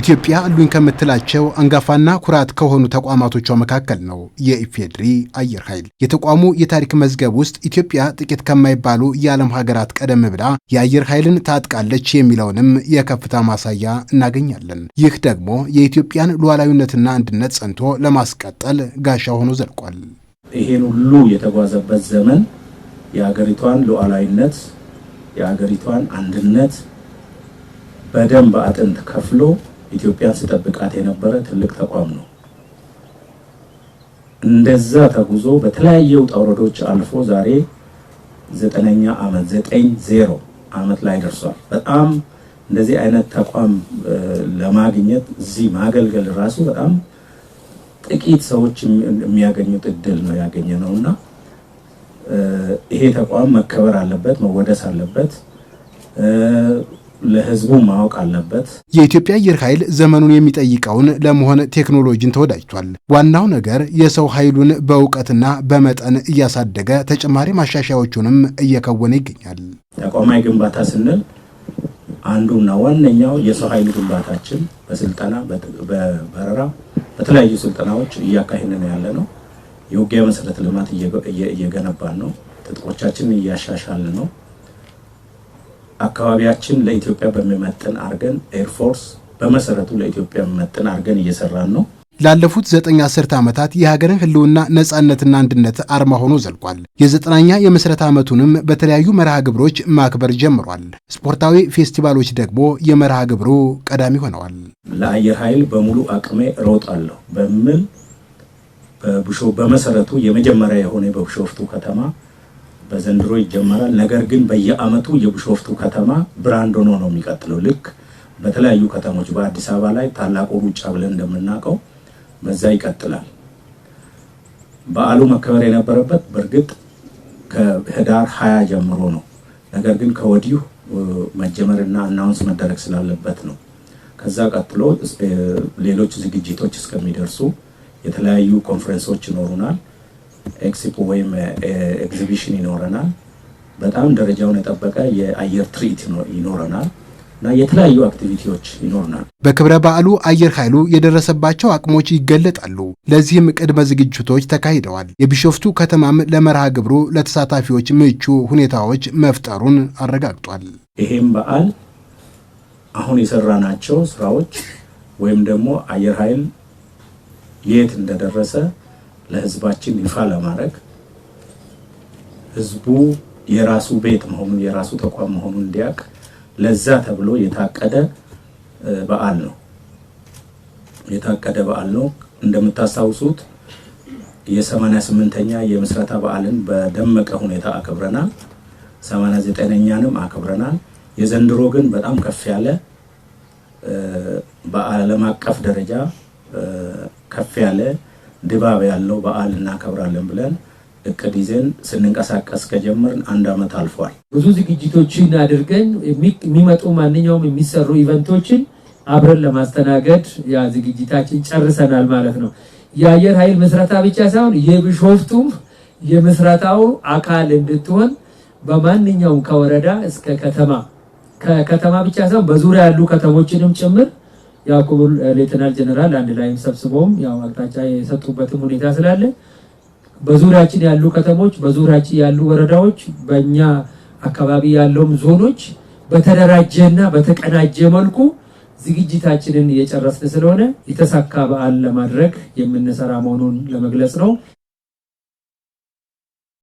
ኢትዮጵያ አሉኝ ከምትላቸው አንጋፋና ኩራት ከሆኑ ተቋማቶቿ መካከል ነው የኢፌዴሪ አየር ኃይል። የተቋሙ የታሪክ መዝገብ ውስጥ ኢትዮጵያ ጥቂት ከማይባሉ የዓለም ሀገራት ቀደም ብላ የአየር ኃይልን ታጥቃለች የሚለውንም የከፍታ ማሳያ እናገኛለን። ይህ ደግሞ የኢትዮጵያን ሉዓላዊነትና አንድነት ጸንቶ ለማስቀጠል ጋሻ ሆኖ ዘልቋል። ይህን ሁሉ የተጓዘበት ዘመን የሀገሪቷን ሉዓላዊነት የሀገሪቷን አንድነት በደንብ አጥንት ከፍሎ ኢትዮጵያ ስጠብቃት የነበረ ትልቅ ተቋም ነው። እንደዛ ተጉዞ በተለያየ ውጣ ውረዶች አልፎ ዛሬ ዘጠነኛ ዓመት ዘጠኝ ዜሮ ዓመት ላይ ደርሷል። በጣም እንደዚህ አይነት ተቋም ለማግኘት እዚህ ማገልገል ራሱ በጣም ጥቂት ሰዎች የሚያገኙት እድል ነው ያገኘ ነው እና ይሄ ተቋም መከበር አለበት፣ መወደስ አለበት። ለህዝቡ ማወቅ አለበት። የኢትዮጵያ አየር ኃይል ዘመኑን የሚጠይቀውን ለመሆን ቴክኖሎጂን ተወዳጅቷል። ዋናው ነገር የሰው ኃይሉን በእውቀትና በመጠን እያሳደገ ተጨማሪ ማሻሻያዎቹንም እየከወነ ይገኛል። ተቋማዊ ግንባታ ስንል አንዱና ዋነኛው የሰው ኃይል ግንባታችን በስልጠና በበረራ፣ በተለያዩ ስልጠናዎች እያካሄድን ያለ ነው። የውጊያ መሰረተ ልማት እየገነባን ነው። ትጥቆቻችንን እያሻሻል ነው። አካባቢያችን ለኢትዮጵያ በሚመጥን አርገን ኤርፎርስ በመሰረቱ ለኢትዮጵያ የሚመጥን አርገን እየሰራን ነው። ላለፉት ዘጠኝ አስርተ ዓመታት የሀገርን ህልውና ነጻነትና አንድነት አርማ ሆኖ ዘልቋል። የዘጠናኛ የምስረት ዓመቱንም በተለያዩ መርሃ ግብሮች ማክበር ጀምሯል። ስፖርታዊ ፌስቲቫሎች ደግሞ የመርሃ ግብሩ ቀዳሚ ሆነዋል። ለአየር ኃይል በሙሉ አቅሜ እሮጣለሁ በሚል በመሰረቱ የመጀመሪያ የሆነ በብሾፍቱ ከተማ በዘንድሮ ይጀመራል። ነገር ግን በየአመቱ የቢሾፍቱ ከተማ ብራንድ ሆኖ ነው የሚቀጥለው። ልክ በተለያዩ ከተሞች በአዲስ አበባ ላይ ታላቁ ሩጫ ብለን እንደምናውቀው በዛ ይቀጥላል። በዓሉ መከበር የነበረበት በእርግጥ ከህዳር ሀያ ጀምሮ ነው። ነገር ግን ከወዲሁ መጀመርና አናውንስ መደረግ ስላለበት ነው። ከዛ ቀጥሎ ሌሎች ዝግጅቶች እስከሚደርሱ የተለያዩ ኮንፈረንሶች ይኖሩናል። ኤክስፖ ወይም ኤግዚቢሽን ይኖረናል። በጣም ደረጃውን የጠበቀ የአየር ትርኢት ይኖረናል እና የተለያዩ አክቲቪቲዎች ይኖርናል። በክብረ በዓሉ አየር ኃይሉ የደረሰባቸው አቅሞች ይገለጣሉ። ለዚህም ቅድመ ዝግጅቶች ተካሂደዋል። የቢሾፍቱ ከተማም ለመርሃ ግብሩ ለተሳታፊዎች ምቹ ሁኔታዎች መፍጠሩን አረጋግጧል። ይሄም በዓል አሁን የሰራናቸው ስራዎች ወይም ደግሞ አየር ኃይል የት እንደደረሰ ለህዝባችን ይፋ ለማድረግ ህዝቡ የራሱ ቤት መሆኑን የራሱ ተቋም መሆኑን እንዲያውቅ ለዛ ተብሎ የታቀደ በዓል ነው። የታቀደ በዓል ነው። እንደምታስታውሱት የሰማንያ ስምንተኛ የምስረታ በዓልን በደመቀ ሁኔታ አክብረናል። ሰማንያ ዘጠነኛንም አክብረናል። የዘንድሮ ግን በጣም ከፍ ያለ በዓለም አቀፍ ደረጃ ከፍ ያለ ድባብ ያለው በዓል እናከብራለን ብለን እቅድ ይዘን ስንንቀሳቀስ ከጀመርን አንድ ዓመት አልፏል። ብዙ ዝግጅቶችን አድርገን የሚመጡ ማንኛውም የሚሰሩ ኢቨንቶችን አብረን ለማስተናገድ ያ ዝግጅታችን ጨርሰናል ማለት ነው። የአየር ኃይል ምስረታ ብቻ ሳይሆን የቢሾፍቱም የምስረታው አካል እንድትሆን በማንኛውም ከወረዳ እስከ ከተማ ከከተማ ብቻ ሳይሆን በዙሪያ ያሉ ከተሞችንም ጭምር ያው ክቡር ሌተናል ጀነራል አንድ ላይም ሰብስበውም ያው አቅጣጫ የሰጡበትም ሁኔታ ስላለ በዙሪያችን ያሉ ከተሞች፣ በዙሪያችን ያሉ ወረዳዎች፣ በእኛ አካባቢ ያለውም ዞኖች በተደራጀና በተቀናጀ መልኩ ዝግጅታችንን እየጨረስን ስለሆነ የተሳካ በዓል ለማድረግ የምንሰራ መሆኑን ለመግለጽ ነው።